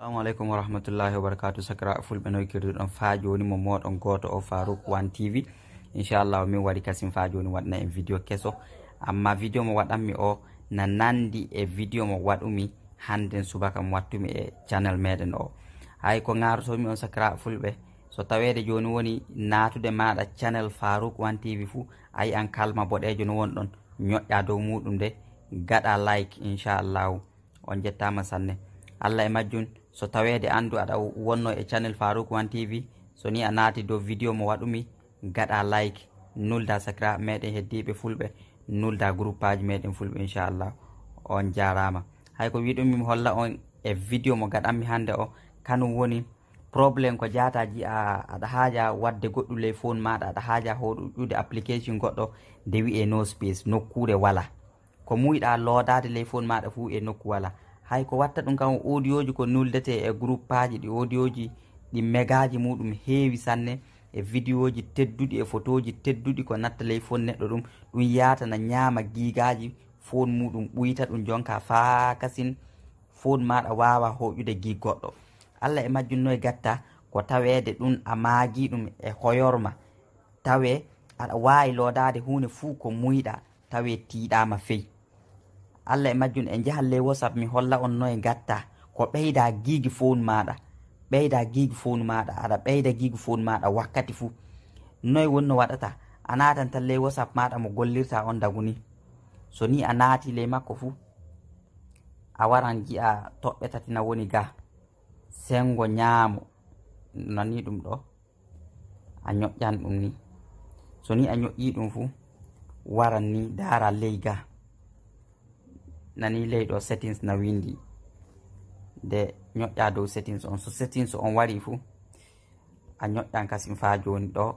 assalamu aleykum wa rahmatullahi wa barakatu sakra fulɓe no kirduɗon faa joni mo moɗon goto o farouk wan tv inchallah min waɗi kasim fa joni waɗna en vidéo keeso amma vidéo mo waɗanmi o na nandi e vidéo mo waɗumi hannden subaka mo wattumi e channel meɗen o hay ko garotomi on sakra fulɓe so tawede joni woni natude maɗa channel farouk wan tv fuu ayi an kalma boɗejo no wonɗon ñoƴƴa dow muɗum nde gaɗa like inchallahu on jettama sanne allah e majjum so tawede andu aɗa wonno e channel farouk wan tv so ni a naati dow vidéo mo waɗumi gaɗa like nulda sacra meɗen heddiɓe fulɓe nulda groupe page meɗen fulɓe inchallah on jarama hayko wiɗumi mi holla on e vidéo mo gaɗanmi hande o kanum woni probléme ko jataji a aɗa haaja wadde goɗɗu ley phone maɗa aɗa haaja hoɗo ƴude application goɗɗo nde wi'e no space nokkure wala ko muyiɗa loodade ley phone maɗa fuu e nokku wala hay ko watta ɗum kam audio ji ko nuldete e groupe aji ɗi audio ji ɗi megaji muɗum heewi sanne e vidéo ji tedduɗi e photo ji tedduɗi ko natta ley fon neɗɗo ɗum ɗum yatana ñaama guigaji fon muɗum ɓuyta ɗum jonka fa kasin fon maɗa wawa hoƴude gui goɗɗo allah e majjunno e gatta ko tawede ɗum a maagui ɗum e hoyorma tawe aɗa wawi loodade hunde fuu ko muyɗa tawe tiiɗama feyi allah e majjum e njahalle wasap mi holla on noye gatta ko ɓeyda giigi fown maɗa ɓeyda giigi fown maɗa aɗa ɓeyda giigi fown maɗa wakkati fuu noye woni no waɗata a natan talle wasap maɗa mo gollirta on daguni so ni a naati ley makko fuu a waran gi'a toɓɓe tatina woni ga sengo ñaamo nani ɗum ɗo a ño'an ɗum ni so ni a ño'i ɗum fuu waran ni dara ley ga nani ley ɗo settings na windi nde ñoƴƴa dow settings on so settings on wari fuu a ñoƴƴan kasin fa joni ɗo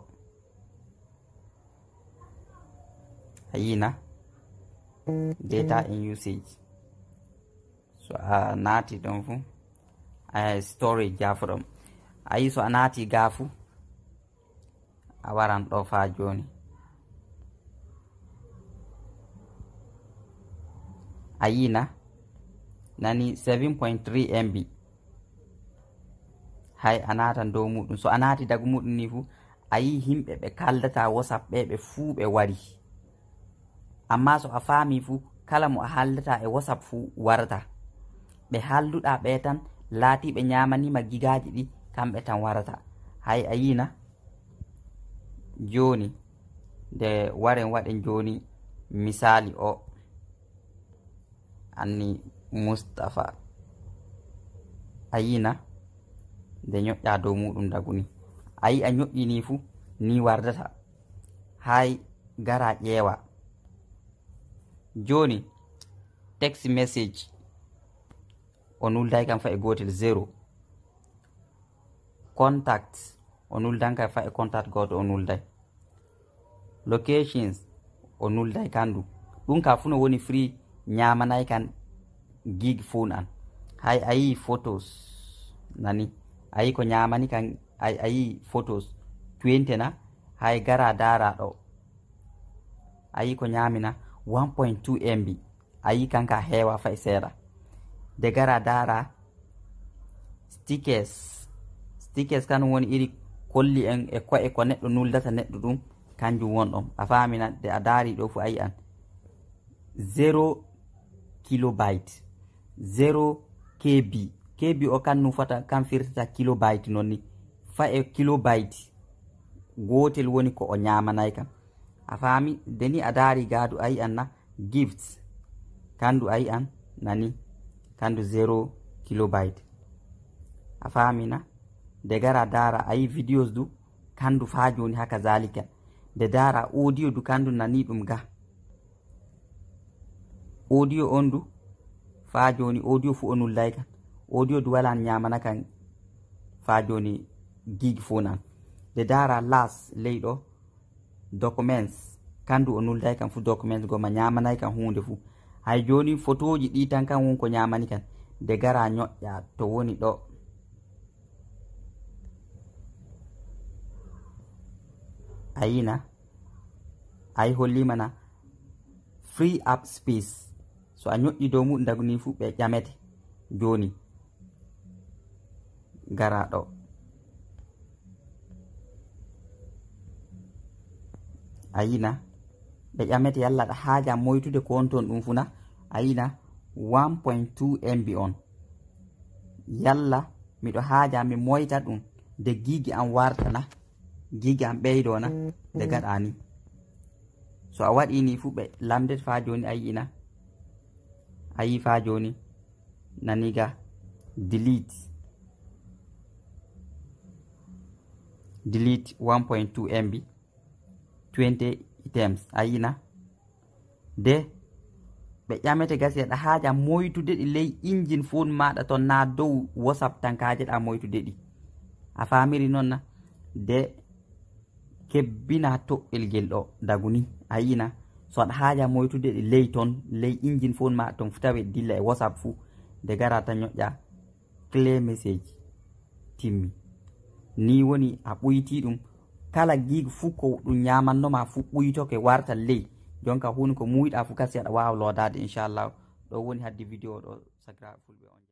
a yina data in usage so a naati ɗon fuu a storage gafo ɗon ayi so a naati ga fuu a waran ɗo fa joni a yina nani 7.3 mb hay a natan dow muɗum so a naati dagu muɗum ni fu a yi himɓe ɓe kaldata wasap ɓe ɓe fuu ɓe wari amma so a faami fu kala mo a haldata e wasap fuu warata ɓe halduɗa ɓe tan laatiɓe ñamanima gigaji ɗi kamɓe tan warata hay a yina joni nde waren waɗen joni misali o oh. anni mustapha a yina nde ñoƴƴa dow muɗum daguni a yi a ñoƴƴini fuu ni wardata hay gara ƴeewa joni text message o nulday kam fa e gotel zero contact o nuldankam fa e contact goto o nulday locations o nulday kandu ɗum ka fuu no woni free nyamanayi kan gig fun an hay ayi photos nani ayi ko nyamani kan ayi photos twentena hay gara dara ɗo ayi ko nyamina 1.2 mb ayi kanka hewa fay seera de gara dara stickes stickes kan woni iri kolli en e ko'e ko neɗɗo nuldata neɗɗo ɗum kanjum won ɗon a famina de a dari ɗo fu ayi an kilobite zero kb kb o kan nufata kan firtata kilobite noonni fa e kilobite gotel woni ko o yamanayi kam a fami deni a daari gaadu a yi'an na gift kandu a yi'an nani kandu zero kilobite a fami na de gara daara a yi videos du kandu faa joni haka zalika de daara audio du kandu nani ɗum ga audio on du fa joni audio fu o nullay kan audio du walan ñamana kan fa joni gig fu nan de dara las ley ɗo documents kandu o nulday kan fu documents goma ñamanay kan hunde fu hay joni photo ji ɗi tan kan wonko ñamani kan de gara ñoƴƴa to woni ɗo ayina ay hollimana free up space so a ñoƴƴi dow mu daguni fuu ɓe ƴamete jooni garaɗo a yina ɓe ƴamete yalla ɗa haaja moytude ko wonton ɗum fuuna a yina 1.2 mbi on yalla miɗo haaja mi moyta ɗum nde giigi am wartana giigi am ɓeydona nde mm, mm. gaɗa ni so a waɗini fuu ɓe lamdete fa jooni a yiina a yifa joni naniga delete delete 1.2 mb 20 items a yina de ɓe ƴamete gasi aɗa haaja moytude ɗi ley injine fon maɗa ton na dow whatsapp tan kaaje ɗa moytude ɗi a famiri noonna de kebbina toɓɓel gel ɗo dagu ni a yina so aɗa haaja moytude ɗe ley ton ley injine fof ma ton tawi dilla e whatsapp fuu nde gara ta ñoƴƴa clé message timmi ni woni a ɓoyti ɗum kala guigu fuu ko ɗum ñamannoma fuu ɓuytoke warta ley jonka hunde ko muyiɗa fuu kasi aɗa wawa lodade inchallah ɗo woni haddi vidéo ɗo sagraɓe fulɓe on